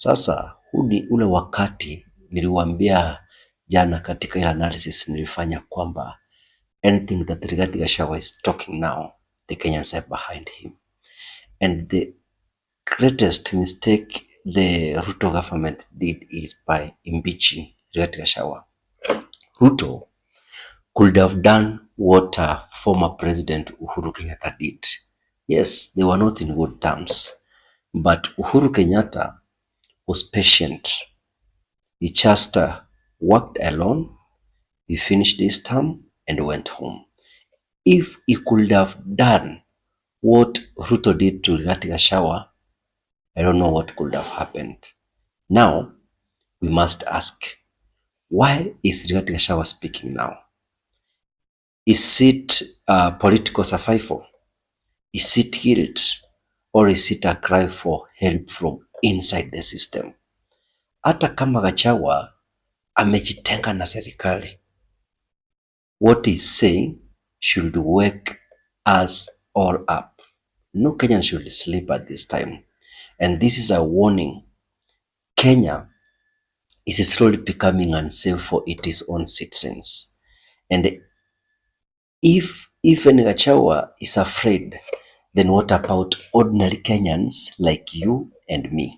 Sasa huu ni ule wakati niliwaambia jana katika ile analysis nilifanya kwamba anything that Rigathi Gachagua is talking now the Kenyans are behind him and the greatest mistake the Ruto government did is by impeaching Rigathi Gachagua. Ruto could have done what a former president Uhuru Kenyatta did. Yes, they were not in good terms, but Uhuru Kenyatta was patient. He just uh, worked alone. He finished his term and went home. If he could have done what Ruto did to Rigathi Gachagua, I don't know what could have happened. Now, we must ask, why is Rigathi Gachagua speaking now? Is it uh, political survival? Is it guilt? Or is it a cry for help from inside the system. Hata kama Gachagua amejitenga na serikali, what is saying should work us all up. No Kenyan should sleep at this time, and this is a warning. Kenya is slowly becoming unsafe for its own citizens, and if even Gachagua is afraid then what about ordinary Kenyans like you and me?